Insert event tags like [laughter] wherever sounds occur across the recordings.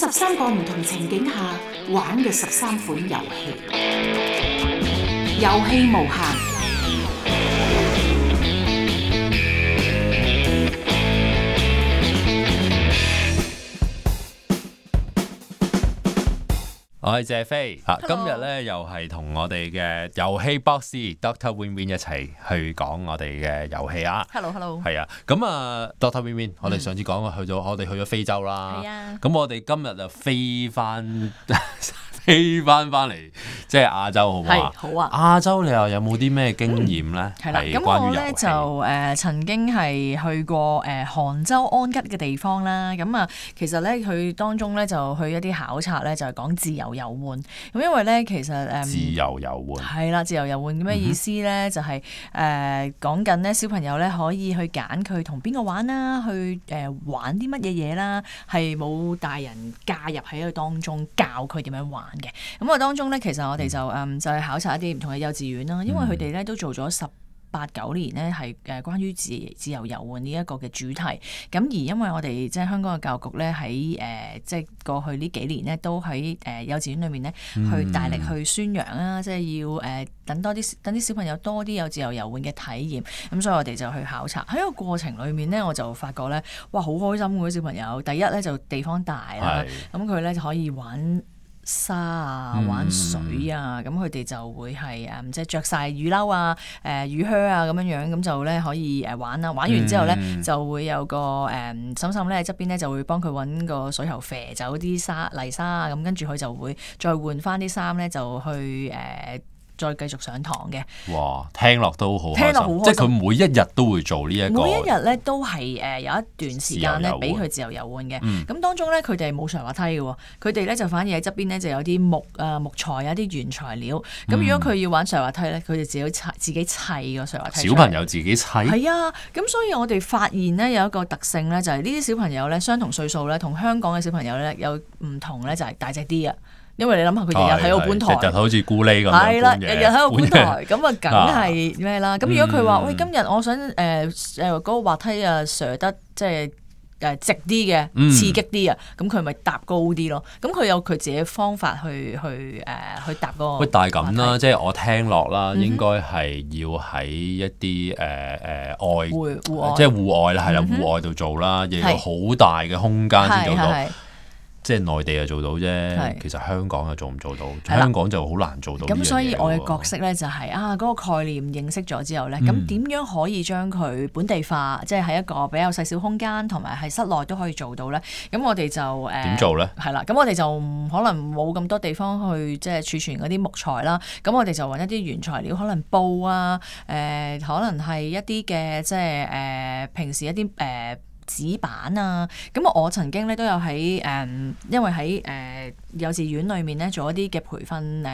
十三個唔同情景下玩嘅十三款遊戲，遊戲無限。我係謝飛，啊 Hello. 今日咧又係同我哋嘅遊戲博士 Doctor Win Win 一齊去講我哋嘅遊戲啊。Hello，Hello，係啊，咁啊 Doctor Win Win，、嗯、我哋上次講過去咗，我哋去咗非洲啦。係啊，咁我哋今日就飛翻。 [laughs] 起翻翻嚟，即係亞洲好好，好唔好好啊！亞洲，你又有冇啲咩經驗咧？係、嗯、啦，咁我咧就誒、呃、曾經係去過誒、呃、杭州安吉嘅地方啦。咁啊，其實咧佢當中咧就去一啲考察咧，就係、是、講自由遊玩。咁因為咧，其實誒、呃、自由遊玩係啦，自由遊玩嘅咩意思咧？嗯、哼就係、是、誒、呃、講緊咧小朋友咧可以去揀佢同邊個玩啦，去誒、呃、玩啲乜嘢嘢啦，係冇大人介入喺佢當中教佢點樣玩。嘅咁啊，當中咧，其實我哋就嗯就去考察一啲唔同嘅幼稚園啦，因為佢哋咧都做咗十八九年咧，係誒關於自自由遊玩呢一個嘅主題。咁而因為我哋即係香港嘅教育局咧，喺誒、呃、即係過去呢幾年咧，都喺誒、呃、幼稚園裏面咧，去大力去宣揚啦，嗯、即係要誒、呃、等多啲等啲小朋友多啲有自由遊玩嘅體驗。咁、嗯、所以我哋就去考察喺個過程裏面咧，我就發覺咧，哇，好開心嗰啲小朋友。第一咧就地方大啦，咁佢咧就可以玩沙啊，玩水啊，咁佢哋就會係誒，即係著晒雨褸啊、誒雨靴啊咁樣樣，咁就咧可以誒玩啊，玩完之後咧，嗯、就會有個誒、呃、嬸嬸咧側邊咧就會幫佢揾個水喉肥走啲沙泥沙啊，咁跟住佢就會再換翻啲衫咧就去誒。呃再繼續上堂嘅，哇！聽落都好，聽落好，即係佢每一日都會做呢、這、一個。每一日咧都係誒有一段時間咧俾佢自由遊玩嘅。咁、嗯嗯、當中咧佢哋冇上滑梯嘅喎，佢哋咧就反而喺側邊咧就有啲木啊木材啊啲原材料。咁、嗯、如果佢要玩上滑梯咧，佢哋自、自己砌自己砌個上滑梯。小朋友自己砌。係啊，咁所以我哋發現咧有一個特性咧，就係呢啲小朋友咧相同歲數咧同香港嘅小朋友咧有唔同咧，就係、是、大隻啲啊。因為你諗下佢日日喺個觀台，日日好似咕喱咁，係啦，日日喺個觀台，咁啊梗係咩啦？咁如果佢話喂，今日我想誒誒嗰滑梯啊斜得即係誒直啲嘅，刺激啲嘅，咁佢咪搭高啲咯？咁佢有佢自己方法去去誒去搭嗰個。喂，但係咁啦，即係我聽落啦，應該係要喺一啲誒誒外即係戶外啦，係啦，戶外度做啦，亦有好大嘅空間先做到。即係內地就做到啫，是其實香港就做唔做到，的香港就好難做到呢樣嘢。咁所以我嘅角色咧就係、是、啊，嗰、那個概念認識咗之後咧，咁點、嗯、樣可以將佢本地化，即係喺一個比較細小空間同埋喺室內都可以做到咧？咁我哋就誒點做咧？係啦，咁我哋就可能冇咁多地方去即係、就是、儲存嗰啲木材啦。咁我哋就搵一啲原材料，可能布啊，誒、呃、可能係一啲嘅即係誒平時一啲誒。呃紙板啊！咁我曾經咧都有喺誒、嗯、因為喺誒、呃、幼稚園裏面咧做一啲嘅培訓誒誒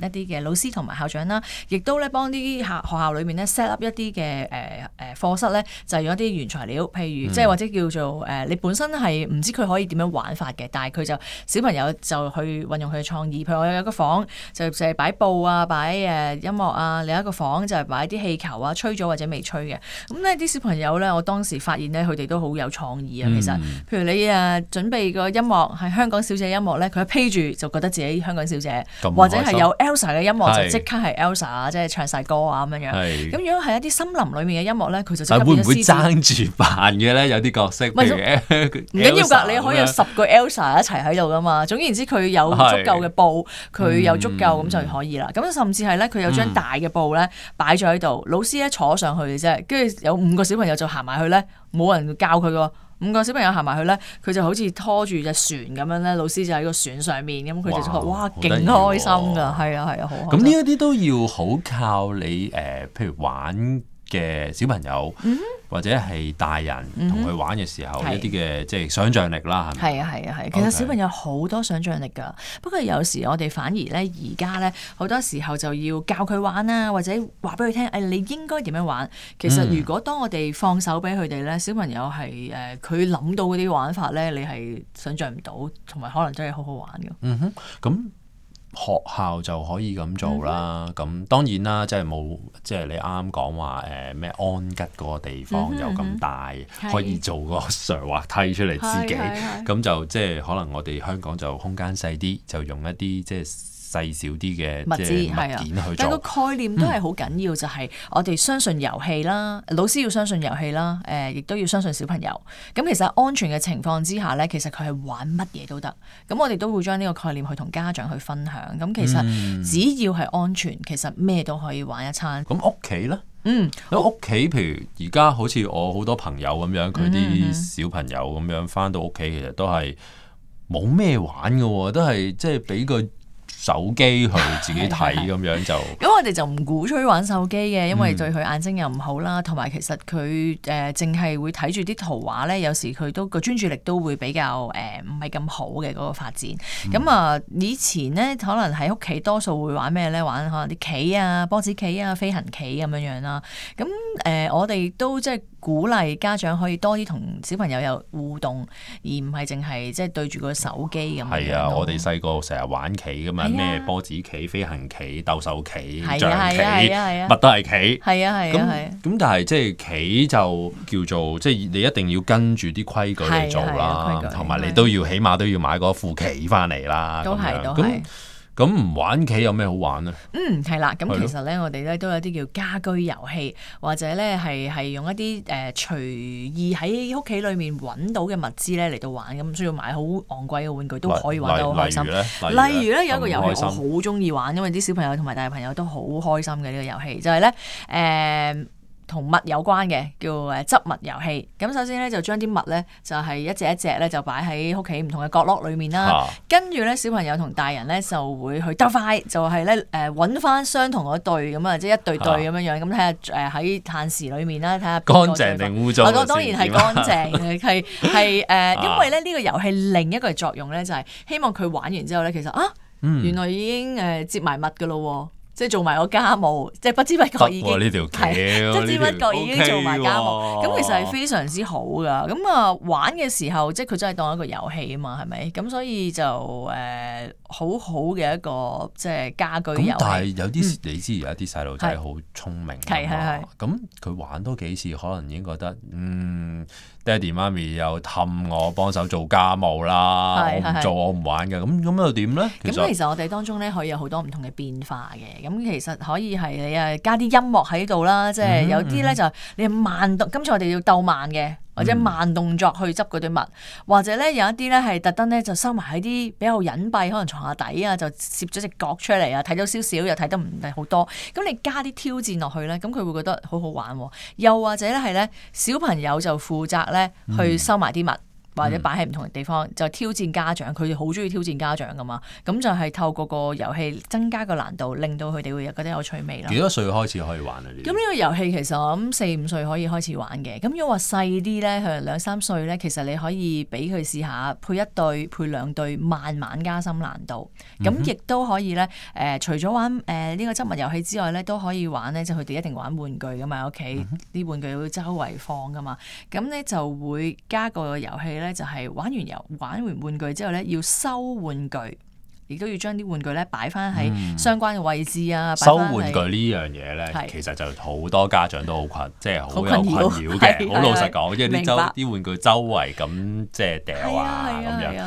一啲嘅老師同埋校長啦，亦都咧幫啲校學校裏面咧 set up 一啲嘅誒誒課室咧，就用一啲原材料，譬如即係、嗯、或者叫做誒、呃、你本身係唔知佢可以點樣玩法嘅，但係佢就小朋友就去運用佢嘅創意。譬如我有一個房就就係擺布啊，擺誒音樂啊，另一個房就係擺啲氣球啊，吹咗或者未吹嘅。咁咧啲小朋友咧，我當時發現咧佢哋都～都好有創意啊！其實，譬如你啊，準備個音樂係香港小姐音樂咧，佢一披住就覺得自己香港小姐，或者係有 Elsa 嘅音樂就即刻係 Elsa，即係唱晒歌啊咁樣。咁如果係一啲森林裏面嘅音樂咧，佢就，即刻但會唔會爭住扮嘅咧？有啲角色唔緊要㗎，你可以有十個 Elsa 一齊喺度㗎嘛。總言之，佢有足夠嘅布，佢有足夠咁就可以啦。咁甚至係咧，佢有張大嘅布咧擺咗喺度，老師咧坐上去啫，跟住有五個小朋友就行埋去咧。冇人教佢㗎，五個小朋友行埋去咧，佢就好似拖住隻船咁樣咧，老師就喺個船上面咁，佢就話哇勁哇、哦、開心噶，係啊係啊，好開心咁。呢一啲都要好靠你誒、呃，譬如玩。嘅小朋友、嗯、哼或者係大人同佢玩嘅時候、嗯、哼一啲嘅是即係想像力啦，係咪？係啊係啊係，其實小朋友好多想像力㗎。Okay. 不過有時我哋反而咧，而家咧好多時候就要教佢玩啦，或者話俾佢聽，誒、哎，你應該點樣玩？其實如果當我哋放手俾佢哋咧，小朋友係誒，佢、呃、諗到嗰啲玩法咧，你係想像唔到，同埋可能真係好好玩㗎。嗯哼，咁、嗯。嗯。學校就可以咁做啦，咁、mm hmm. 嗯、當然啦，即係冇即係你啱啱講話誒咩安吉個地方有咁大，mm hmm. 可以做個斜滑梯出嚟自己，咁、mm hmm. 就即係可能我哋香港就空間細啲，就用一啲即係。細少啲嘅物質、物件去做，但係個概念都係好緊要，嗯、就係我哋相信遊戲啦，老師要相信遊戲啦，誒、呃，亦都要相信小朋友。咁其實安全嘅情況之下呢，其實佢係玩乜嘢都得。咁我哋都會將呢個概念去同家長去分享。咁其實只要係安全，嗯、其實咩都可以玩一餐。咁屋企呢？嗯，屋企，譬、嗯、如而家好似我好多朋友咁樣，佢啲、嗯、小朋友咁樣翻到屋企，其實都係冇咩玩噶，都係即係俾個。手機去自己睇咁。 [laughs] 對樣就，咁 [laughs] 我哋就唔鼓吹玩手機嘅，因為對佢眼睛又唔好啦，同埋、嗯、其實佢誒淨係會睇住啲圖畫咧，有時佢都個專注力都會比較誒唔係咁好嘅嗰、那個發展。咁、嗯、啊，以前咧可能喺屋企多數會玩咩咧？玩可能啲棋啊、波子棋啊、飛行棋咁樣樣啦。咁誒，我哋都即係鼓勵家長可以多啲同小朋友有互動，而唔係淨係即係對住個手機咁。係啊，我哋細個成日玩棋噶嘛，咩波子棋、飛行棋、鬥獸棋、象棋，乜都係棋。係啊，係啊，咁咁但係即係棋就叫做即係你一定要跟住啲規矩嚟做啦，同埋你都要起碼都要買嗰副棋翻嚟啦。都係，都咁唔玩棋有咩好玩咧？嗯，係啦。咁其實咧，我哋咧都有啲叫家居遊戲，或者咧係係用一啲誒隨意喺屋企裏面揾到嘅物資咧嚟到玩，咁需要買好昂貴嘅玩具都可以玩得好開心。例如咧，例如呢，例如有一個遊戲我好中意玩，因為啲小朋友同埋大朋友都好開心嘅呢、這個遊戲、就是，就係咧誒。同物有關嘅叫誒執物遊戲。咁首先咧就將啲物咧就係、是、一隻一隻咧就擺喺屋企唔同嘅角落裏面啦。啊、跟住咧小朋友同大人咧就會去鬥快，就係咧誒搵返相同嗰對咁啊，即係一對對咁樣樣咁睇下誒喺限時裏面啦，睇下乾淨定污糟。我講當然係乾淨嘅，係係誒，因為咧呢、這個遊戲另一個作用咧就係、是、希望佢玩完之後咧，其實啊、嗯、原來已經誒、呃、接埋物㗎咯喎。即係做埋個家務，即係不知不覺已經係，啊、 [laughs] 即知不覺已經做埋家務。咁、啊、其實係非常之好噶。咁啊，玩嘅時候，即係佢真係當一個遊戲啊嘛，係咪？咁所以就誒、呃、好好嘅一個即係家居遊戲。但係有啲、嗯、你知，而家啲細路仔好聰明㗎嘛。咁佢玩多幾次，可能已經覺得嗯，爹哋媽咪又氹我幫手做家務啦。我唔做，我唔玩㗎。咁咁又點咧？咁其，其實我哋當中咧可以有好多唔同嘅變化嘅。咁其實可以係你啊加啲音樂喺度啦，即係有啲咧、嗯嗯、就你慢動，今次我哋要鬥慢嘅，或者慢動作去執嗰堆物，或者咧有一啲咧係特登咧就收埋喺啲比較隱蔽，可能床下底啊，就攝咗隻角出嚟啊，睇咗少少又睇得唔係好多。咁你加啲挑戰落去咧，咁佢會覺得好好玩，哦。又或者咧係咧小朋友就負責咧去收埋啲物。嗯或者擺喺唔同嘅地方，就是、挑戰家長，佢哋好中意挑戰家長噶嘛。咁就係透過個遊戲增加個難度，令到佢哋會覺得有趣味啦。幾多歲開始可以玩啊，呢啲？咁呢個遊戲其實我諗四五歲可以開始玩嘅。咁如果話細啲咧，佢兩三歲咧，其實你可以俾佢試下配一對、配兩對，慢慢加深難度。咁亦都可以咧，誒、嗯哼，除咗玩誒呢、呃呢個執物遊戲之外咧，都可以玩咧，就佢、是、哋一定玩玩具噶嘛，喺屋企啲玩具會周圍放噶嘛。咁咧就會加個遊戲咧。咧就係玩完遊玩完玩具之後咧，要收玩具，亦都要將啲玩具咧擺翻喺相關嘅位置啊。嗯、在收玩具呢樣嘢咧，是其實就好多家長都好困，即係好有困擾嘅。好老實講，因為啲周啲玩具周圍咁即係掉啊，咁樣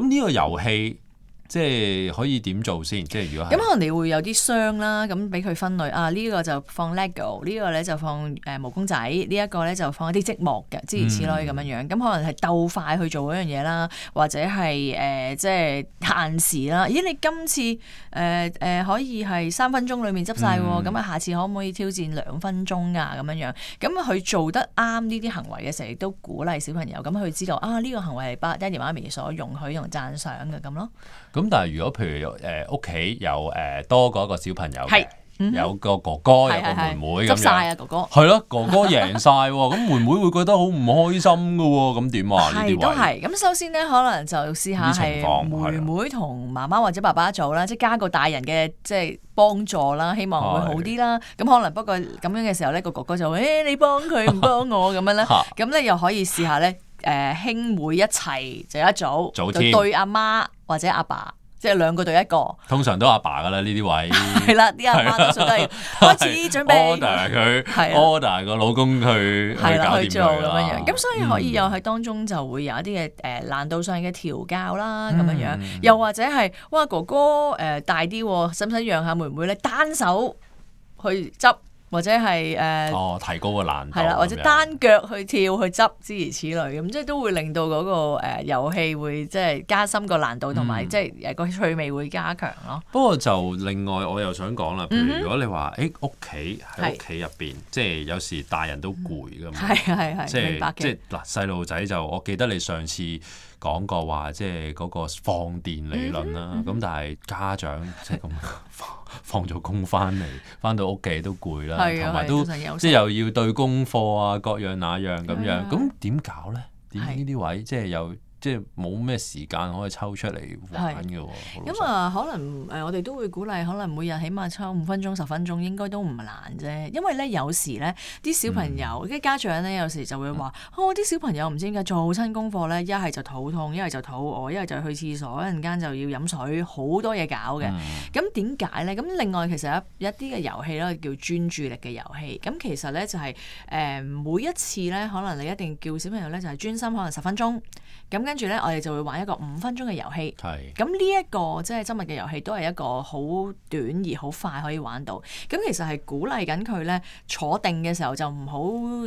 咁呢的個遊戲。即係可以點做先？即係如果係咁，可能你會有啲箱啦，咁俾佢分類啊，呢、這個就放 LEGO，呢個咧就放誒、呃、毛公仔，呢、這、一個咧就放一啲積木嘅，即如此類咁樣樣。咁、嗯、可能係鬥快去做嗰樣嘢啦，或者係誒、呃、即係限時啦。咦，你今次誒誒、呃呃、可以係三分鐘裡面執晒喎？咁、嗯、啊，下次可唔可以挑戰兩分鐘啊？咁樣樣咁佢做得啱呢啲行為嘅時候，亦都鼓勵小朋友咁佢知道啊呢、這個行為係爸、爹哋、媽咪所容許同讚賞嘅咁咯。咁但係如果譬如誒屋企有誒多過一個小朋友嘅，有個哥哥有個妹妹咁樣，執晒啊哥哥，係咯，哥哥贏晒，咁妹妹會覺得好唔開心噶，咁點啊？係都係，咁首先咧可能就試下係妹妹同媽媽或者爸爸做啦，即係加個大人嘅即係幫助啦，希望會好啲啦。咁可能不過咁樣嘅時候咧，個哥哥就會誒，你幫佢唔幫我咁樣咧，咁咧又可以試下咧，誒兄妹一齊就一組，就對阿媽。或者阿爸，爸，即係兩個對一個，通常都阿爸噶啦呢啲位。係啦， [laughs] 啲阿媽都係 [laughs] 了開始準備。Order 佢 [laughs] 了，Order 個老公去，係啦了去做咁樣樣，咁、嗯、所以可以又喺當中就會有一啲嘅誒難度上嘅調教啦，咁樣、嗯、樣，又或者係哇哥哥誒、呃、大啲，使唔使讓下妹妹咧單手去執？或者係誒，uh, 哦，提高個難度係啦，啊、或者單腳去跳去執之如此類咁，即係都會令到嗰個誒遊戲會即係加深個難度同埋即係誒個趣味會加強咯。不過就另外我又想講啦，譬如如果你話誒屋企喺屋企入邊，即係有時大人都攰㗎嘛。係啊，係係，即係即嗱細路仔就我記得你上次講過話，即係嗰個放電理論啦。咁、嗯嗯、但係家長即係咁放咗工翻嚟，翻到屋企的都攰啦，同埋都即係又要對功課啊，各樣那樣咁樣，咁點的搞咧？點呢啲位的即係有。即係冇咩時間可以抽出嚟玩㗎喎。咁啊是、呃，可能誒、呃、我哋都會鼓勵，可能每日起碼抽五分鐘、十分鐘，應該都唔難啫。因為咧，有時咧，啲小朋友跟、嗯、家長咧，有時就會話：「我啲、嗯哦、小朋友唔知點解做親功課咧，一係就肚痛，一係就肚餓，一係就去廁所，一陣間就要飲水，好多嘢搞嘅。咁點解咧？咁另外其實有一一啲嘅遊戲咧，叫專注力嘅遊戲。咁其實咧就係、是、誒每一次咧，可能你一定要叫小朋友咧就係專心，可能十分鐘。咁跟住咧，我哋就會玩一個五分鐘嘅遊戲。係是，咁呢、這個、一個即係今日嘅遊戲都係一個好短而好快可以玩到。咁其實係鼓勵緊佢咧坐定嘅時候就唔好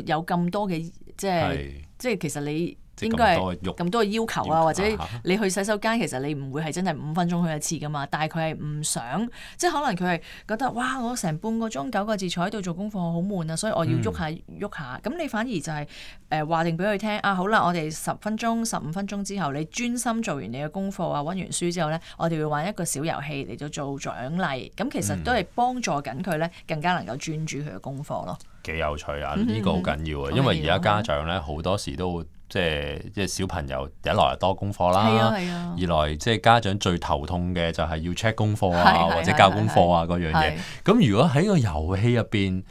有咁多嘅即係是即係其實你。應該係咁多要求啊，求或者你去洗手間，啊、其實你唔會係真係五分鐘去一次噶嘛。但係佢係唔想，即係可能佢係覺得哇，我成半個鐘九個字坐喺度做功課我好悶啊，所以我要喐下喐下。咁、嗯、你反而就係誒話定俾佢聽啊，好啦，我哋十分鐘、十五分鐘之後，你專心做完你嘅功課啊，溫完書之後咧，我哋會玩一個小遊戲嚟到做獎勵。咁其實都係幫助緊佢咧，嗯、更加能夠專注佢嘅功課咯。幾、嗯、有趣啊！呢、呢個好緊要啊，嗯嗯嗯、因為而家家長咧好多時都會。即係即係小朋友，一來多功課啦，啊啊、二來即係家長最頭痛嘅就係要 check 功課啊，啊或者教功課啊嗰樣嘢。咁如果喺個遊戲入邊，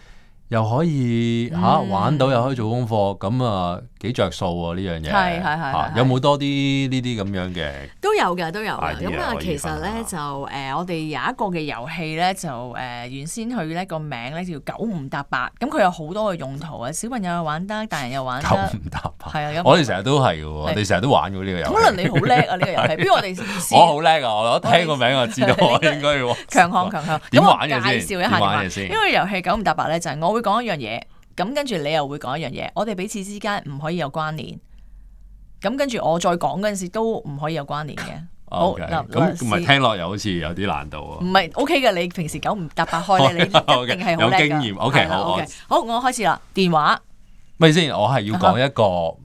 又可以吓玩到，又可以做功課，咁啊幾着數喎呢樣嘢。係係係，有冇多啲呢啲咁樣嘅？都有嘅，都有嘅。咁啊，其實咧就誒，我哋有一個嘅遊戲咧，就誒原先佢呢個名咧叫九五搭八，咁佢有好多嘅用途啊。小朋友又玩得，大人又玩得。九五搭八我哋成日都係嘅喎，我哋成日都玩過呢個遊戲。可能你好叻啊呢個遊戲，不如我哋？我好叻啊！我我聽個名我知道應該要強項強項。點玩嘅先？點玩先？因為遊戲九五搭八咧就係我講一樣嘢，咁跟住你又會講一樣嘢。我哋彼此之間唔可以有關聯，咁跟住我再講嗰陣時都唔可以有關聯嘅。好嗱，咁唔係聽落又好似有啲難度啊。唔係 OK 嘅，你平時九唔搭八開咧，你一定係有經驗。OK，好，好，好，我開始啦。電話咪先，我係要講一個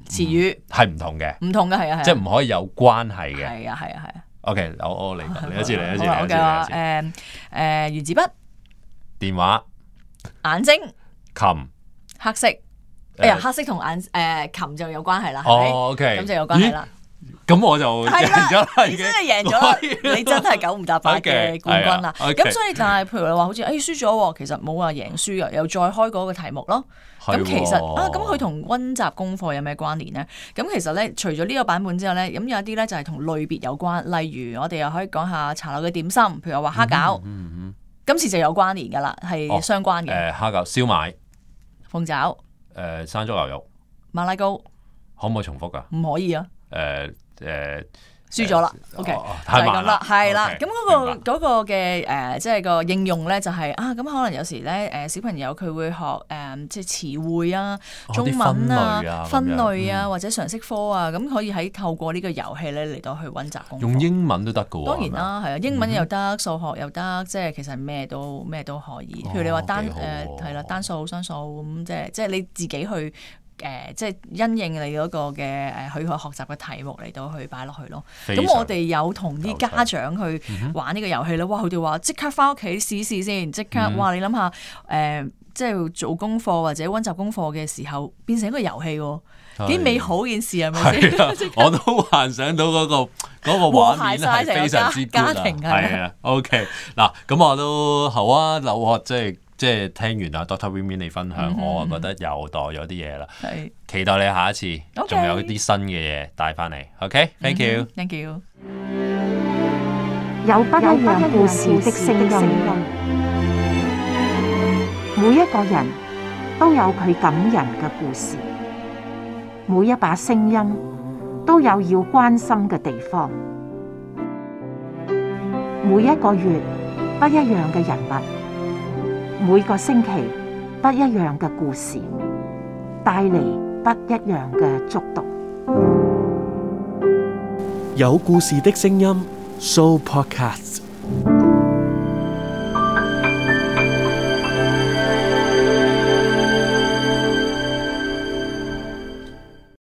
詞語係唔同嘅，唔同嘅係啊，係即係唔可以有關係嘅。係啊，係啊，係啊。OK，我我嚟，你一次嚟，一次嚟。我嘅話，誒誒，原子筆，電話，眼睛。琴，黑色，哎呀，黑色同眼誒琴就有關係啦。係咪？哦，OK，咁就有關係啦。咁我就係啦，你真係贏咗啦，你真係九唔搭八嘅冠軍啦。咁所以就係譬如話好似誒輸咗，其實冇話贏輸噶，又再開嗰個題目咯。咁其實啊，咁佢同溫習功課有咩關聯咧？咁其實咧，除咗呢個版本之後咧，咁有一啲咧就係同類別有關，例如我哋又可以講下茶樓嘅點心，譬如話蝦餃，今次就有關聯噶啦，係相關嘅。誒，蝦餃燒賣。鳳爪，誒、呃，山竹牛肉，馬拉糕，可唔可以重複噶、啊？唔可以啊。誒、呃，誒、呃。輸咗啦，OK，就係咁啦，係啦。咁嗰個嗰個嘅誒，即係個應用咧，就係啊，咁可能有時咧，誒小朋友佢會學誒即係詞彙啊，中文啊，分類啊，或者常識科啊，咁可以喺透過呢個遊戲咧嚟到去溫習功。用英文都得嘅喎。當然啦，係啊，英文又得，數學又得，即係其實咩都咩都可以。譬如你話單誒係啦，單數雙數咁即係即係你自己去。誒，uh, 即係因應你嗰個嘅誒，許學學習嘅題目嚟到去擺落去咯。咁我哋有同啲家長去玩呢個遊戲咧，哇！佢哋話即刻返屋企試一試先，即刻哇！你諗下，誒、uh，即係做功課或者溫習功課嘅時候，變成一個遊戲，幾美好件事啊？係啊，我都幻想到嗰、那個嗰、那個畫面係非常之家，家庭係啊。OK，嗱，咁、okay. 我都好啊，留學即係。即係聽完阿 Doctor Winnie 你分享，我啊覺得又多咗啲嘢啦。係，期待你下一次，仲有啲新嘅嘢帶翻嚟。OK，Thank you，Thank you。有不一樣故事的聲音，每一個人都有佢感人嘅故事，每一把聲音都有要關心嘅地方，每一個月不一樣嘅人物，每個星期，不一樣嘅故事，帶嚟不一樣嘅觸動。有故事的聲音，Show Podcast。